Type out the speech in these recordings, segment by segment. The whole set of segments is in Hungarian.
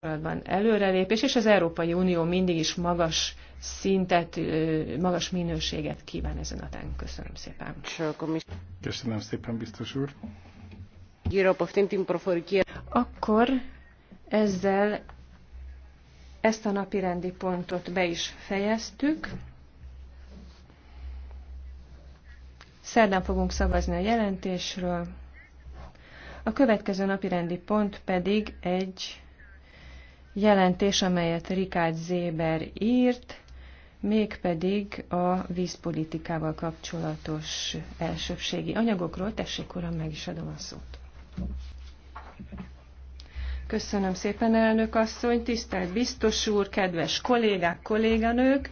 kapcsolatban előrelépés, és az Európai Unió mindig is magas szintet, magas minőséget kíván ezen a tán. Köszönöm szépen. Köszönöm szépen, biztos úr. Akkor ezzel ezt a napi rendi pontot be is fejeztük. Szerdán fogunk szavazni a jelentésről. A következő napi rendi pont pedig egy jelentés, amelyet Rikács Zéber írt, mégpedig a vízpolitikával kapcsolatos elsőbségi anyagokról. Tessék, uram, meg is adom a szót. Köszönöm szépen, elnök asszony, tisztelt biztos úr, kedves kollégák, kolléganők!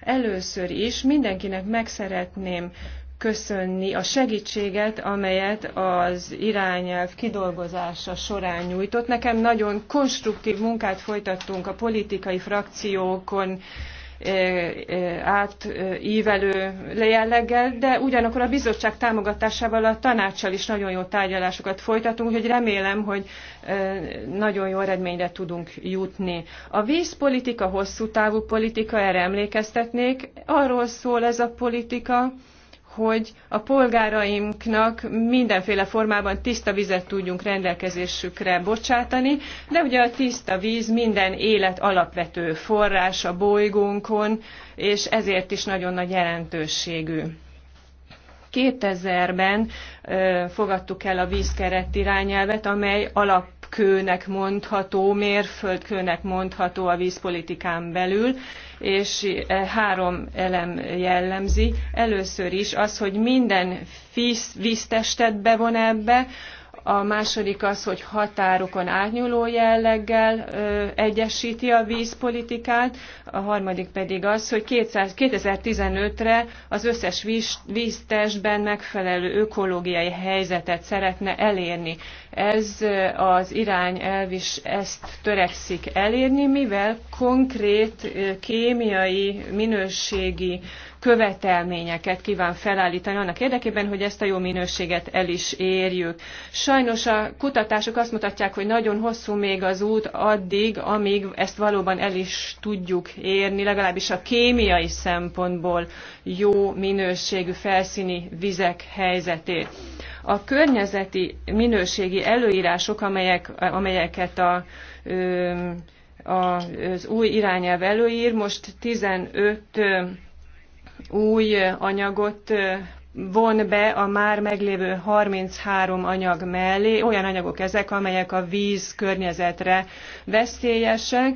Először is mindenkinek meg szeretném köszönni a segítséget, amelyet az irányelv kidolgozása során nyújtott. Nekem nagyon konstruktív munkát folytattunk a politikai frakciókon, eh, eh, átívelő lejelleggel, de ugyanakkor a bizottság támogatásával a tanácssal is nagyon jó tárgyalásokat folytatunk, hogy remélem, hogy eh, nagyon jó eredményre tudunk jutni. A vízpolitika hosszú távú politika, erre emlékeztetnék, arról szól ez a politika, hogy a polgárainknak mindenféle formában tiszta vizet tudjunk rendelkezésükre bocsátani, de ugye a tiszta víz minden élet alapvető forrás a bolygónkon, és ezért is nagyon nagy jelentőségű. 2000-ben fogadtuk el a vízkeret irányelvet, amely alap kőnek mondható, mérföldkőnek mondható a vízpolitikán belül, és e, három elem jellemzi. Először is az, hogy minden víztestet bevon ebbe, a második az, hogy határokon átnyúló jelleggel ö, egyesíti a vízpolitikát, a harmadik pedig az, hogy 2015-re az összes víz, víztestben megfelelő ökológiai helyzetet szeretne elérni. Ez az irányelv is ezt törekszik elérni, mivel konkrét kémiai minőségi követelményeket kíván felállítani annak érdekében, hogy ezt a jó minőséget el is érjük. Sajnos a kutatások azt mutatják, hogy nagyon hosszú még az út addig, amíg ezt valóban el is tudjuk érni, legalábbis a kémiai szempontból jó minőségű felszíni vizek helyzetét. A környezeti minőségi előírások, amelyek, amelyeket a az új irányelv előír. Most 15 új anyagot von be a már meglévő 33 anyag mellé, olyan anyagok ezek, amelyek a víz környezetre veszélyesek,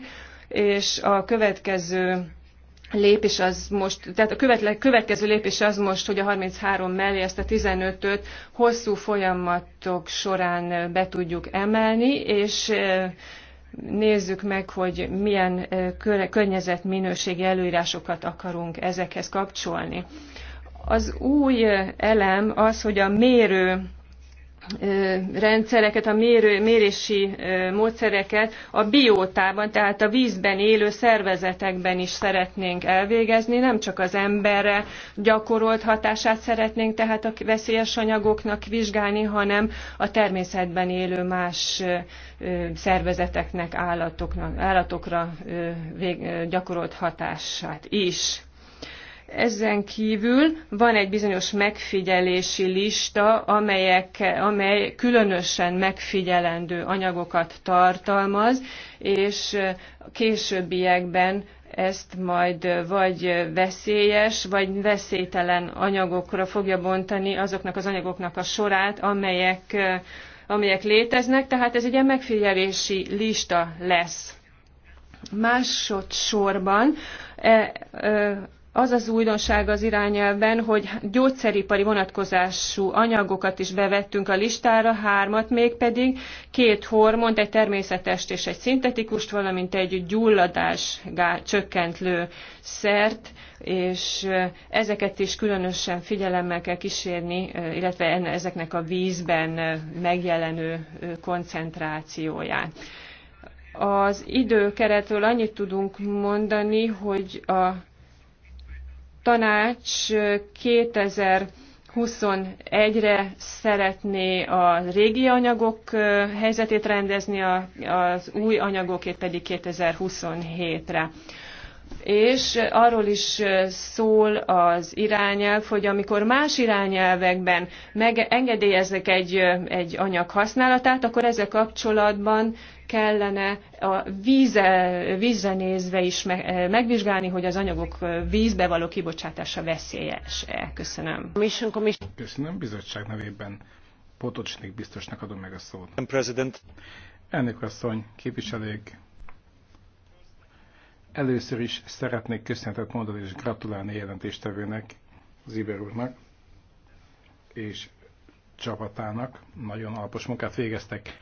és a következő lépés az most, tehát a következő lépés az most, hogy a 33 mellé ezt a 15-öt hosszú folyamatok során be tudjuk emelni, és nézzük meg, hogy milyen környezetminőségi előírásokat akarunk ezekhez kapcsolni. Az új elem az, hogy a mérő rendszereket, a mérő, mérési módszereket a biótában, tehát a vízben élő szervezetekben is szeretnénk elvégezni, nem csak az emberre gyakorolt hatását szeretnénk tehát a veszélyes anyagoknak vizsgálni, hanem a természetben élő más szervezeteknek, állatokra gyakorolt hatását is ezen kívül van egy bizonyos megfigyelési lista, amelyek, amely különösen megfigyelendő anyagokat tartalmaz, és későbbiekben ezt majd vagy veszélyes, vagy veszélytelen anyagokra fogja bontani azoknak az anyagoknak a sorát, amelyek, amelyek léteznek, tehát ez egy ilyen megfigyelési lista lesz. Másodszorban e, e, az az újdonság az irányelvben, hogy gyógyszeripari vonatkozású anyagokat is bevettünk a listára, hármat mégpedig, két hormont, egy természetest és egy szintetikust, valamint egy gyulladás csökkentlő szert, és ezeket is különösen figyelemmel kell kísérni, illetve ezeknek a vízben megjelenő koncentrációját. Az időkeretről annyit tudunk mondani, hogy a tanács 2021-re szeretné a régi anyagok helyzetét rendezni, az új anyagokét pedig 2027-re és arról is szól az irányelv, hogy amikor más irányelvekben engedélyeznek egy, egy anyag használatát, akkor ezzel kapcsolatban kellene a víze, vízre nézve is megvizsgálni, hogy az anyagok vízbe való kibocsátása veszélyes-e. Köszönöm. Köszönöm. Bizottság nevében Potocsnik biztosnak adom meg a szót. Elnök asszony, képviselők, Először is szeretnék köszönetet mondani és gratulálni jelentéstevőnek, Ziber úrnak és csapatának. Nagyon alapos munkát végeztek.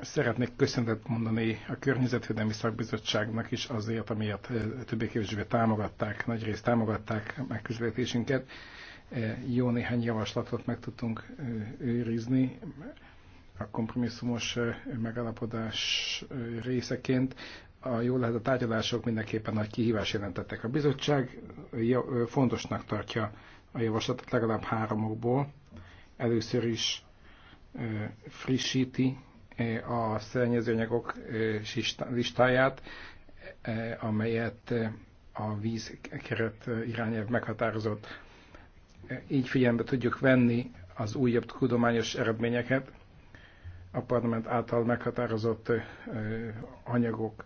Szeretnék köszönetet mondani a Környezetvédelmi Szakbizottságnak is azért, amiért eh, többé-kevésbé támogatták, nagyrészt támogatták megközelítésünket. Eh, jó néhány javaslatot meg tudtunk eh, őrizni a kompromisszumos megállapodás részeként a jó lehet a tárgyalások mindenképpen nagy kihívás jelentettek. A bizottság fontosnak tartja a javaslatot legalább háromokból. Először is frissíti a szennyezőanyagok listáját, amelyet a vízkeret irányelv meghatározott. Így figyelembe tudjuk venni az újabb tudományos eredményeket, a parlament által meghatározott anyagok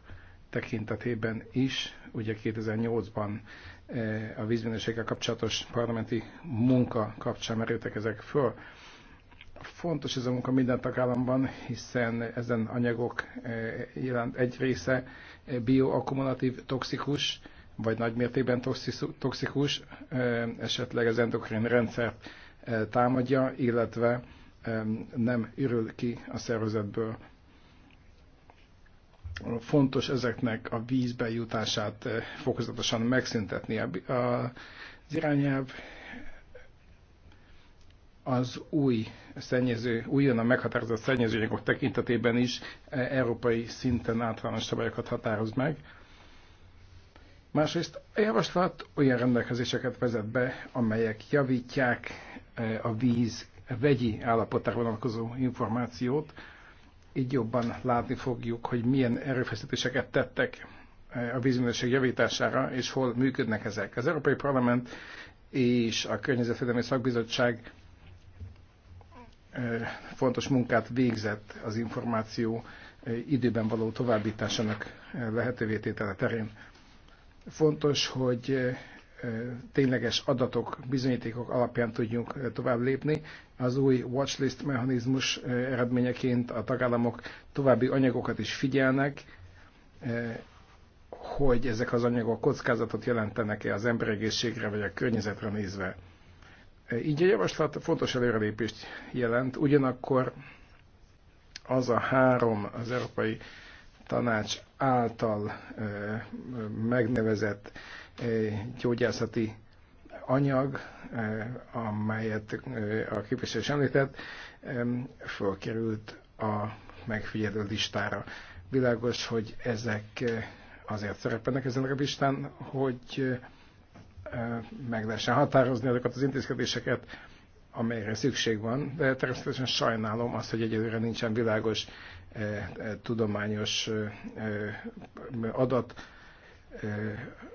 tekintetében is, ugye 2008-ban eh, a vízminőséggel kapcsolatos parlamenti munka kapcsán merültek ezek föl. Fontos ez a munka minden tagállamban, hiszen ezen anyagok eh, jelent egy része eh, bioakkumulatív toxikus, vagy nagymértékben toxikus, esetleg az endokrin rendszert támadja, illetve nem ürül ki a szervezetből fontos ezeknek a vízbe jutását eh, fokozatosan megszüntetni. Az irányelv az új szennyező, újonnan meghatározott szennyezőanyagok tekintetében is eh, európai szinten általános szabályokat határoz meg. Másrészt a javaslat olyan rendelkezéseket vezet be, amelyek javítják eh, a víz vegyi állapotára vonatkozó információt, így jobban látni fogjuk, hogy milyen erőfeszítéseket tettek eh, a vízminőség javítására, és hol működnek ezek. Az Európai Parlament és a Környezetvédelmi Szakbizottság eh, fontos munkát végzett az információ eh, időben való továbbításának lehetővé tétele terén. Fontos, hogy tényleges adatok, bizonyítékok alapján tudjunk tovább lépni. Az új watchlist mechanizmus eredményeként a tagállamok további anyagokat is figyelnek, hogy ezek az anyagok kockázatot jelentenek-e az emberegészségre vagy a környezetre nézve. Így a javaslat fontos előrelépést jelent, ugyanakkor az a három az Európai Tanács által megnevezett gyógyászati anyag, amelyet a képviselő is említett, fölkerült a megfigyelő listára. Világos, hogy ezek azért szerepelnek ezen a listán, hogy meg lehessen határozni azokat az intézkedéseket, amelyre szükség van, de természetesen sajnálom azt, hogy egyelőre nincsen világos tudományos adat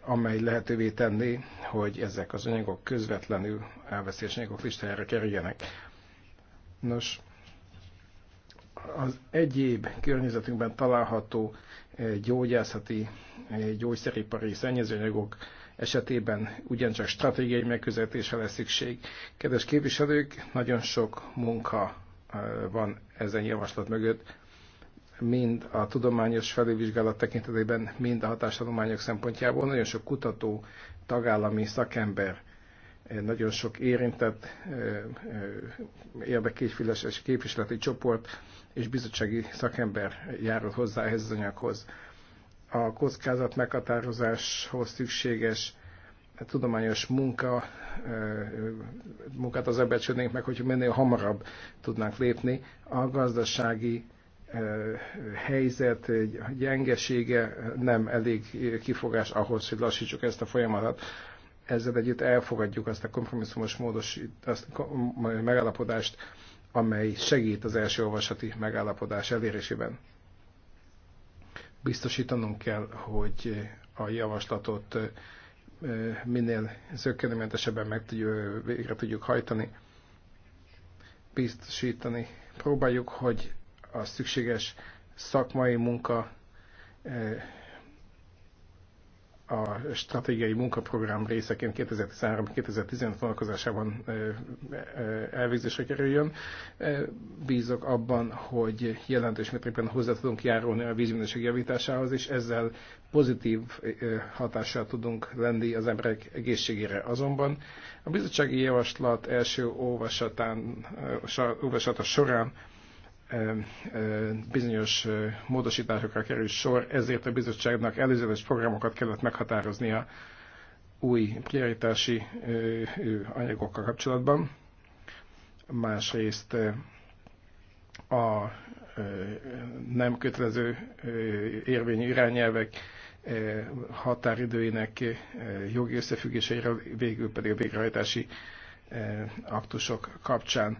amely lehetővé tenni, hogy ezek az anyagok közvetlenül elveszélyes anyagok listájára kerüljenek. Nos, az egyéb környezetünkben található gyógyászati, gyógyszeripari szennyezőanyagok esetében ugyancsak stratégiai megközelítésre lesz szükség. Kedves képviselők, nagyon sok munka van ezen javaslat mögött, mind a tudományos felülvizsgálat tekintetében, mind a hatástanulmányok szempontjából. Nagyon sok kutató, tagállami szakember, eh, nagyon sok érintett eh, eh, és képviseleti csoport és bizottsági szakember járult hozzá ehhez az anyaghoz. A kockázat meghatározáshoz szükséges tudományos munka, munkát az ebbecsülnénk meg, hogy minél hamarabb tudnánk lépni. A gazdasági helyzet, gyengesége nem elég kifogás ahhoz, hogy lassítsuk ezt a folyamatot. Ezzel együtt elfogadjuk azt a kompromisszumos módos azt a megállapodást, amely segít az első olvasati megállapodás elérésében. Biztosítanunk kell, hogy a javaslatot minél zöggenőmentesebben meg tudjuk, végre tudjuk hajtani. Biztosítani próbáljuk, hogy a szükséges szakmai munka, e, a stratégiai munkaprogram részeként 2013-2015 vonatkozásában e, e, elvégzésre kerüljön. Bízok abban, hogy jelentős mértékben hozzá tudunk járulni a vízminőség javításához, és ezzel pozitív hatással tudunk lenni az emberek egészségére. Azonban a bizottsági javaslat első olvasatán, olvasata során bizonyos módosításokra kerül sor, ezért a bizottságnak előzetes programokat kellett meghatároznia új prioritási anyagokkal kapcsolatban. Másrészt a nem kötelező érvényű irányelvek határidőinek jogi összefüggéseire, végül pedig a végrehajtási aktusok kapcsán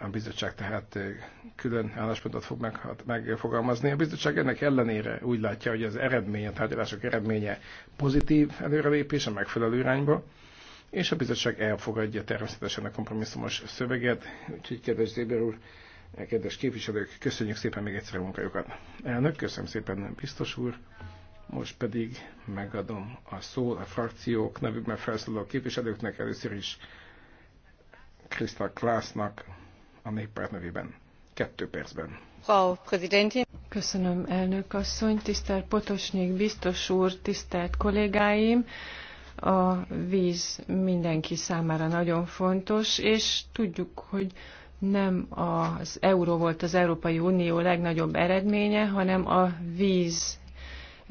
a bizottság tehát külön álláspontot fog megfogalmazni. A bizottság ennek ellenére úgy látja, hogy az eredménye, a tárgyalások eredménye pozitív előrelépés a megfelelő irányba, és a bizottság elfogadja természetesen a kompromisszumos szöveget. Úgyhogy, kedves Zéber úr, kedves képviselők, köszönjük szépen még egyszer a munkájukat. Elnök, köszönöm szépen, biztos úr. Most pedig megadom a szót a frakciók nevükben felszólaló képviselőknek, először is Krista Klásznak, a néppárt nevében. Kettő percben. Frau Präsidentin. Köszönöm, elnök asszony, tisztelt Potosnyék, biztos úr, tisztelt kollégáim. A víz mindenki számára nagyon fontos, és tudjuk, hogy nem az euró volt az Európai Unió legnagyobb eredménye, hanem a víz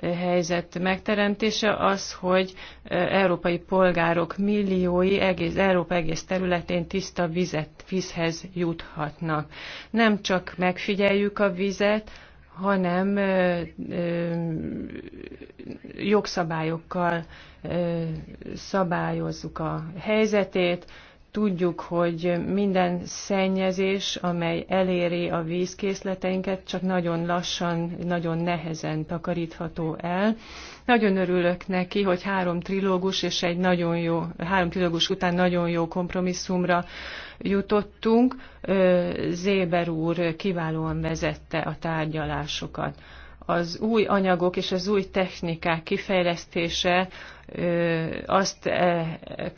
helyzet megteremtése az, hogy európai polgárok milliói egész, Európa egész területén tiszta vizet, vízhez juthatnak. Nem csak megfigyeljük a vizet, hanem ö, ö, jogszabályokkal ö, szabályozzuk a helyzetét, tudjuk, hogy minden szennyezés, amely eléri a vízkészleteinket, csak nagyon lassan, nagyon nehezen takarítható el. Nagyon örülök neki, hogy három trilógus és egy nagyon jó, három trilógus után nagyon jó kompromisszumra jutottunk. Zéber úr kiválóan vezette a tárgyalásokat. Az új anyagok és az új technikák kifejlesztése azt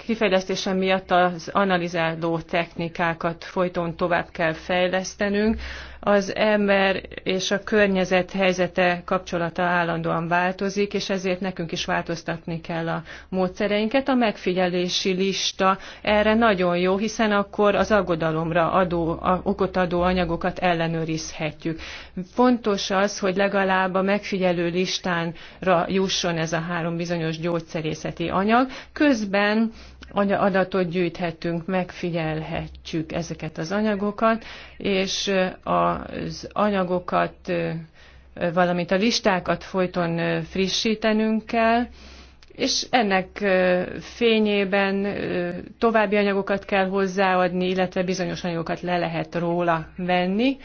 kifejlesztésem miatt az analizáló technikákat folyton tovább kell fejlesztenünk. Az ember és a környezet helyzete kapcsolata állandóan változik, és ezért nekünk is változtatni kell a módszereinket. A megfigyelési lista erre nagyon jó, hiszen akkor az aggodalomra adó, okot adó anyagokat ellenőrizhetjük. Fontos az, hogy legalább a megfigyelő listánra jusson ez a három bizonyos gyógyszer gyógyszerészeti anyag, közben adatot gyűjthetünk, megfigyelhetjük ezeket az anyagokat, és az anyagokat, valamint a listákat folyton frissítenünk kell, és ennek fényében további anyagokat kell hozzáadni, illetve bizonyos anyagokat le lehet róla venni.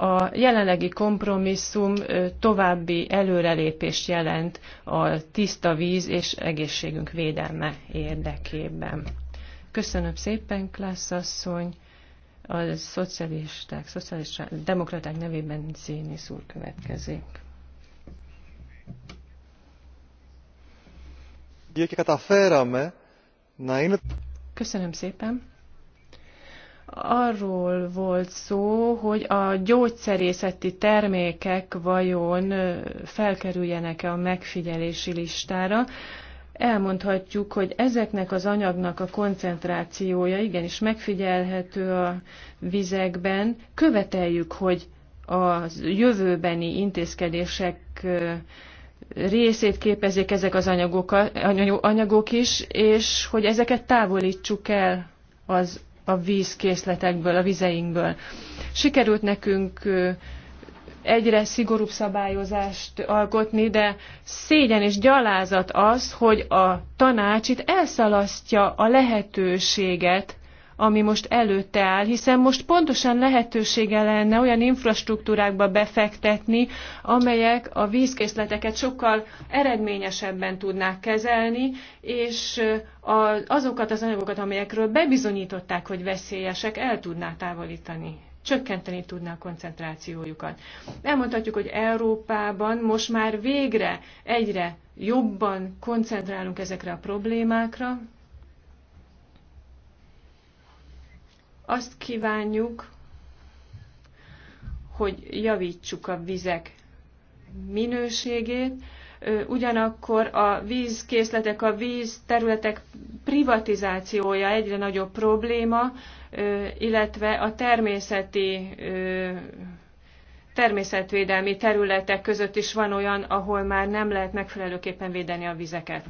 A jelenlegi kompromisszum további előrelépést jelent a tiszta víz és egészségünk védelme érdekében. Köszönöm szépen, Klász asszony! A szocialisták, szocialisták, demokraták nevében Széni úr következik. Köszönöm szépen! arról volt szó, hogy a gyógyszerészeti termékek vajon felkerüljenek-e a megfigyelési listára. Elmondhatjuk, hogy ezeknek az anyagnak a koncentrációja igenis megfigyelhető a vizekben. Követeljük, hogy a jövőbeni intézkedések részét képezik ezek az anyagok, anyagok is, és hogy ezeket távolítsuk el az a vízkészletekből, a vizeinkből. Sikerült nekünk egyre szigorúbb szabályozást alkotni, de szégyen és gyalázat az, hogy a tanács itt elszalasztja a lehetőséget ami most előtte áll, hiszen most pontosan lehetősége lenne olyan infrastruktúrákba befektetni, amelyek a vízkészleteket sokkal eredményesebben tudnák kezelni, és azokat az anyagokat, amelyekről bebizonyították, hogy veszélyesek, el tudnák távolítani csökkenteni tudná a koncentrációjukat. Elmondhatjuk, hogy Európában most már végre egyre jobban koncentrálunk ezekre a problémákra, Azt kívánjuk, hogy javítsuk a vizek minőségét, ugyanakkor a vízkészletek, a vízterületek privatizációja egyre nagyobb probléma, illetve a természeti természetvédelmi területek között is van olyan, ahol már nem lehet megfelelőképpen védeni a vizeket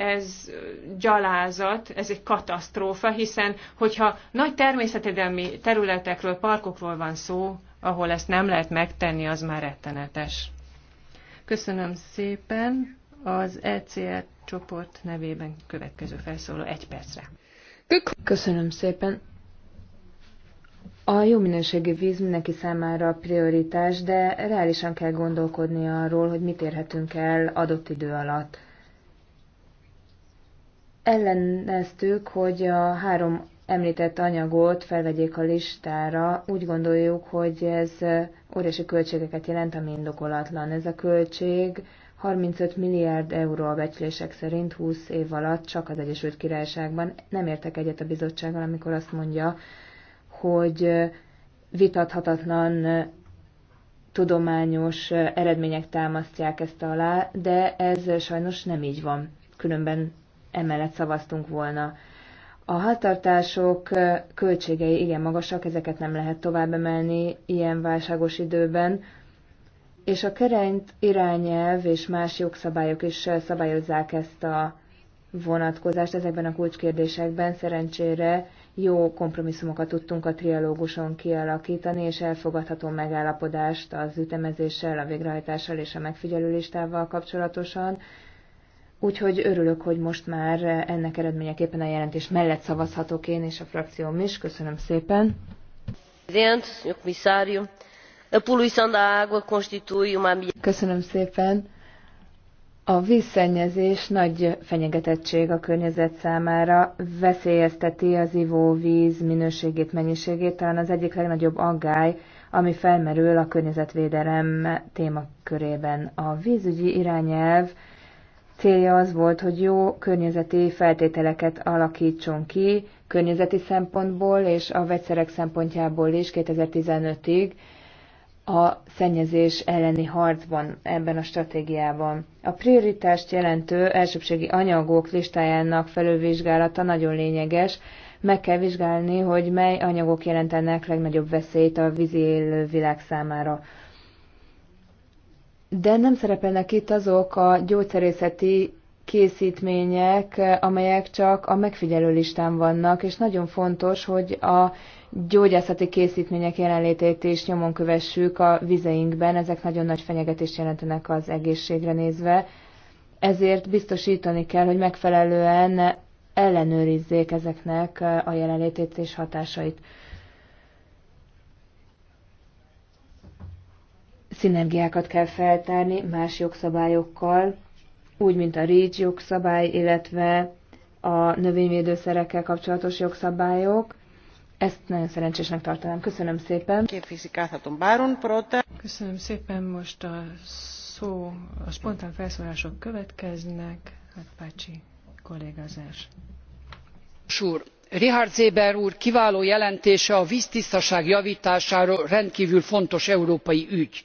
ez gyalázat, ez egy katasztrófa, hiszen hogyha nagy természetvédelmi területekről, parkokról van szó, ahol ezt nem lehet megtenni, az már rettenetes. Köszönöm szépen. Az ECR csoport nevében következő felszóló egy percre. Köszönöm szépen. A jó minőségű víz mindenki számára a prioritás, de reálisan kell gondolkodni arról, hogy mit érhetünk el adott idő alatt elleneztük, hogy a három említett anyagot felvegyék a listára. Úgy gondoljuk, hogy ez óriási költségeket jelent, ami indokolatlan. Ez a költség 35 milliárd euró a becslések szerint 20 év alatt csak az Egyesült Királyságban. Nem értek egyet a bizottsággal, amikor azt mondja, hogy vitathatatlan tudományos eredmények támasztják ezt alá, de ez sajnos nem így van. Különben emellett szavaztunk volna. A háztartások költségei igen magasak, ezeket nem lehet tovább emelni ilyen válságos időben, és a kerenyt irányelv és más jogszabályok is szabályozzák ezt a vonatkozást ezekben a kulcskérdésekben. Szerencsére jó kompromisszumokat tudtunk a trialóguson kialakítani, és elfogadható megállapodást az ütemezéssel, a végrehajtással és a megfigyelő listával kapcsolatosan. Úgyhogy örülök, hogy most már ennek eredményeképpen a jelentés mellett szavazhatok én és a frakcióm is. Köszönöm szépen. Köszönöm szépen. A vízszennyezés nagy fenyegetettség a környezet számára, veszélyezteti az ivóvíz minőségét, mennyiségét, talán az egyik legnagyobb aggály, ami felmerül a környezetvédelem témakörében. A vízügyi irányelv célja az volt, hogy jó környezeti feltételeket alakítson ki, környezeti szempontból és a vegyszerek szempontjából is 2015-ig a szennyezés elleni harcban ebben a stratégiában. A prioritást jelentő elsőbségi anyagok listájának felülvizsgálata nagyon lényeges, meg kell vizsgálni, hogy mely anyagok jelentenek legnagyobb veszélyt a vízi élő világ számára de nem szerepelnek itt azok a gyógyszerészeti készítmények, amelyek csak a megfigyelő listán vannak, és nagyon fontos, hogy a gyógyászati készítmények jelenlétét is nyomon kövessük a vizeinkben, ezek nagyon nagy fenyegetést jelentenek az egészségre nézve, ezért biztosítani kell, hogy megfelelően ellenőrizzék ezeknek a jelenlétét és hatásait. szinergiákat kell feltárni más jogszabályokkal, úgy, mint a REACH jogszabály, illetve a növényvédőszerekkel kapcsolatos jogszabályok. Ezt nagyon szerencsésnek tartanám. Köszönöm szépen. Köszönöm szépen. Most a szó, a spontán felszólások következnek. Hát Pácsi kollégázás. Súr, Richard Zéber úr kiváló jelentése a víztisztaság javításáról rendkívül fontos európai ügy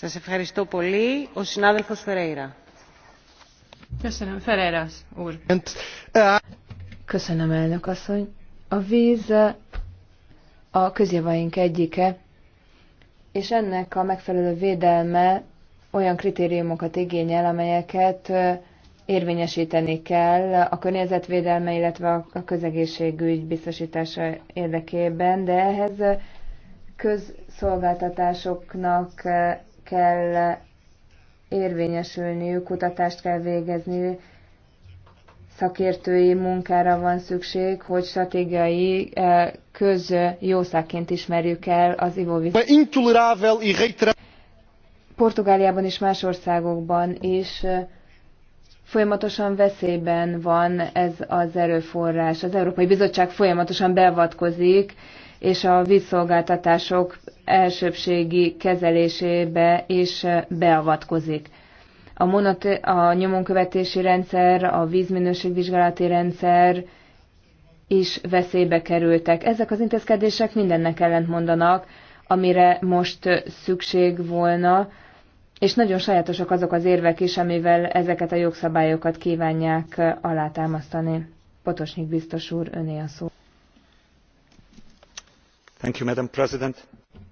Köszönöm, úr. Köszönöm, A víz a közjavaink egyike, és ennek a megfelelő védelme olyan kritériumokat igényel, amelyeket érvényesíteni kell a környezetvédelme, illetve a közegészségügy biztosítása érdekében, de ehhez közszolgáltatásoknak kell érvényesülniük, kutatást kell végezni, szakértői munkára van szükség, hogy stratégiai eh, közjószágként ismerjük el az ivóvizet. E Portugáliában és más országokban is eh, folyamatosan veszélyben van ez az erőforrás. Az Európai Bizottság folyamatosan beavatkozik, és a vízszolgáltatások elsőbségi kezelésébe is beavatkozik. A, monot- a nyomonkövetési rendszer, a vízminőségvizsgálati rendszer is veszélybe kerültek. Ezek az intézkedések mindennek ellentmondanak, amire most szükség volna, és nagyon sajátosak azok az érvek is, amivel ezeket a jogszabályokat kívánják alátámasztani. Potosnyik biztos úr, öné a szó.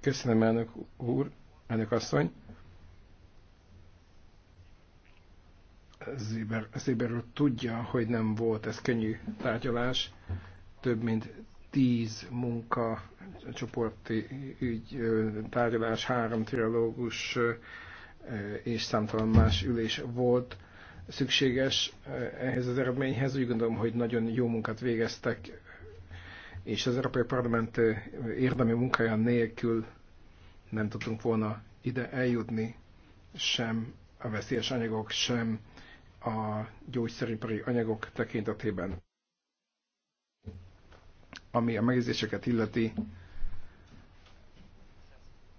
Köszönöm, elnök úr, elnök asszony. úr tudja, hogy nem volt ez könnyű tárgyalás. Több mint tíz munka csoporti ügy, tárgyalás, három trilógus és számtalan más ülés volt szükséges ehhez az eredményhez. Úgy gondolom, hogy nagyon jó munkát végeztek és az Európai Parlament érdemi munkája nélkül nem tudtunk volna ide eljutni sem a veszélyes anyagok, sem a gyógyszeripari anyagok tekintetében. Ami a megjegyzéseket illeti,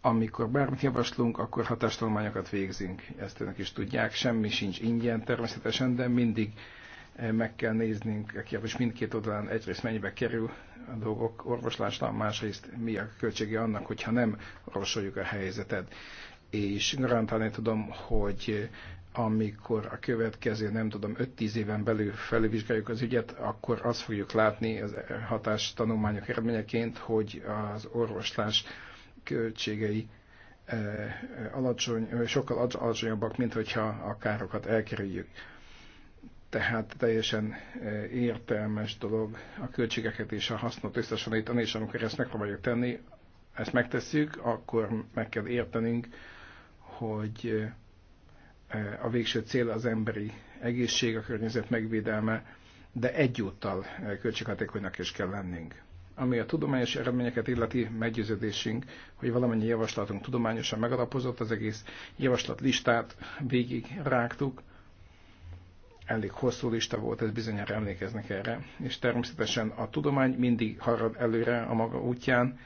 amikor bármit javaslunk, akkor hatástalományokat végzünk. Ezt önök is tudják, semmi sincs ingyen természetesen, de mindig meg kell néznünk, kérdés mindkét oldalán egyrészt mennyibe kerül a dolgok orvoslásra, másrészt mi a költsége annak, hogyha nem orvosoljuk a helyzetet. És garantálni tudom, hogy amikor a következő, nem tudom, 5-10 éven belül felülvizsgáljuk az ügyet, akkor azt fogjuk látni az hatás tanulmányok eredményeként, hogy az orvoslás költségei eh, alacsony, sokkal alacsonyabbak, mint hogyha a károkat elkerüljük tehát teljesen e, értelmes dolog a költségeket és a hasznot összehasonlítani, és amikor ezt fogjuk tenni, ezt megtesszük, akkor meg kell értenünk, hogy e, e, a végső cél az emberi egészség, a környezet megvédelme, de egyúttal költséghatékonynak is kell lennünk. Ami a tudományos eredményeket illeti meggyőződésünk, hogy valamennyi javaslatunk tudományosan megalapozott, az egész javaslatlistát végig rágtuk, elég hosszú lista volt, ez bizonyára emlékeznek erre, és természetesen a tudomány mindig harad előre a maga útján,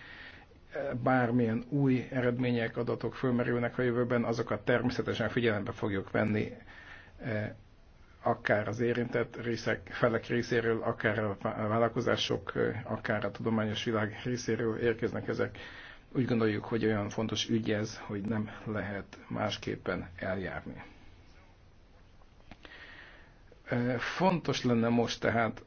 bármilyen új eredmények, adatok fölmerülnek a jövőben, azokat természetesen figyelembe fogjuk venni, eh, akár az érintett részek, felek részéről, akár a vállalkozások, eh, akár a tudományos világ részéről érkeznek ezek. Úgy gondoljuk, hogy olyan fontos ügy ez, hogy nem lehet másképpen eljárni. Eh, fontos lenne most tehát,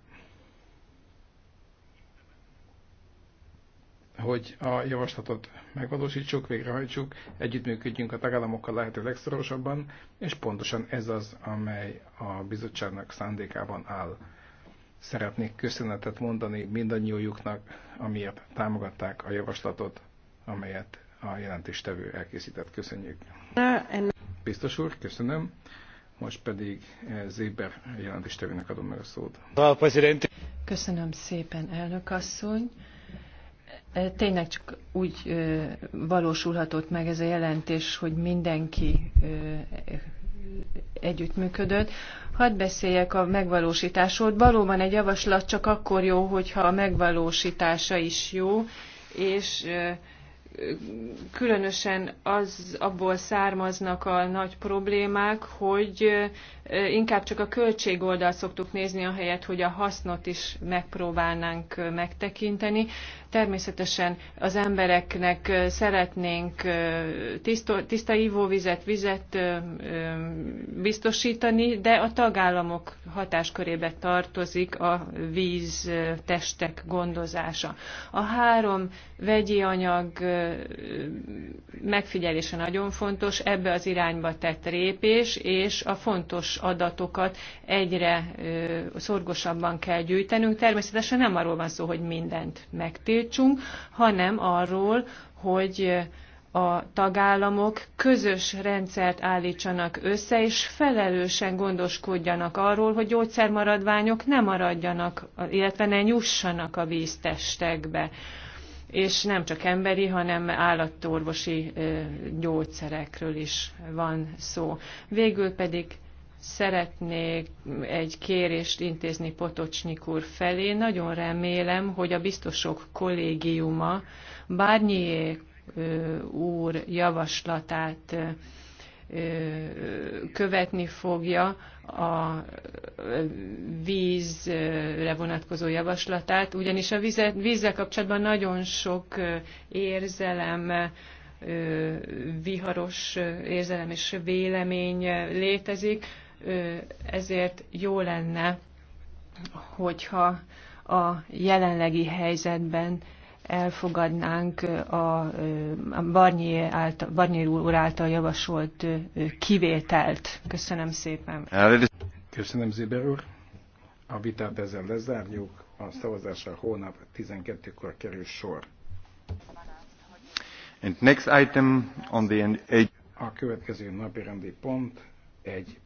hogy a javaslatot megvalósítsuk, végrehajtsuk, együttműködjünk a tagállamokkal lehető legszorosabban, és pontosan ez az, amely a bizottságnak szándékában áll. Szeretnék köszönetet mondani mindannyiójuknak, amiért támogatták a javaslatot, amelyet a jelentéstevő elkészített. Köszönjük. Biztos úr, köszönöm. Most pedig eh, Zéber jelentéstevőnek adom meg a szót. Köszönöm szépen, elnök asszony. E, tényleg csak úgy valósulhatott meg ez a jelentés, hogy mindenki együttműködött. Hadd beszéljek a megvalósításról. Valóban egy javaslat csak akkor jó, hogyha a megvalósítása is jó, és különösen az abból származnak a nagy problémák, hogy inkább csak a költségoldal szoktuk nézni, ahelyett, hogy a hasznot is megpróbálnánk megtekinteni. Természetesen az embereknek szeretnénk tiszta, tiszta ivóvizet, vizet biztosítani, de a tagállamok hatáskörébe tartozik a víztestek gondozása. A három vegyi anyag megfigyelése nagyon fontos, ebbe az irányba tett répés és a fontos adatokat egyre szorgosabban kell gyűjtenünk. Természetesen nem arról van szó, hogy mindent megtiltjuk, folytsunk, hanem arról, hogy a tagállamok közös rendszert állítsanak össze, és felelősen gondoskodjanak arról, hogy gyógyszermaradványok ne maradjanak, illetve ne nyussanak a víztestekbe. És nem csak emberi, hanem állatorvosi gyógyszerekről is van szó. Végül pedig szeretnék egy kérést intézni Potocsnik úr felé. Nagyon remélem, hogy a biztosok kollégiuma Bárnyié úr javaslatát követni fogja a vízre vonatkozó javaslatát, ugyanis a vízzel kapcsolatban nagyon sok érzelem, viharos érzelem és vélemény létezik ezért jó lenne, hogyha a jelenlegi helyzetben elfogadnánk a Barnier, által, úr által javasolt kivételt. Köszönöm szépen. Köszönöm Zéber úr. A vitát ezzel lezárjuk. A szavazásra hónap 12-kor kerül sor. And next item on the end, a következő napi rendi pont egy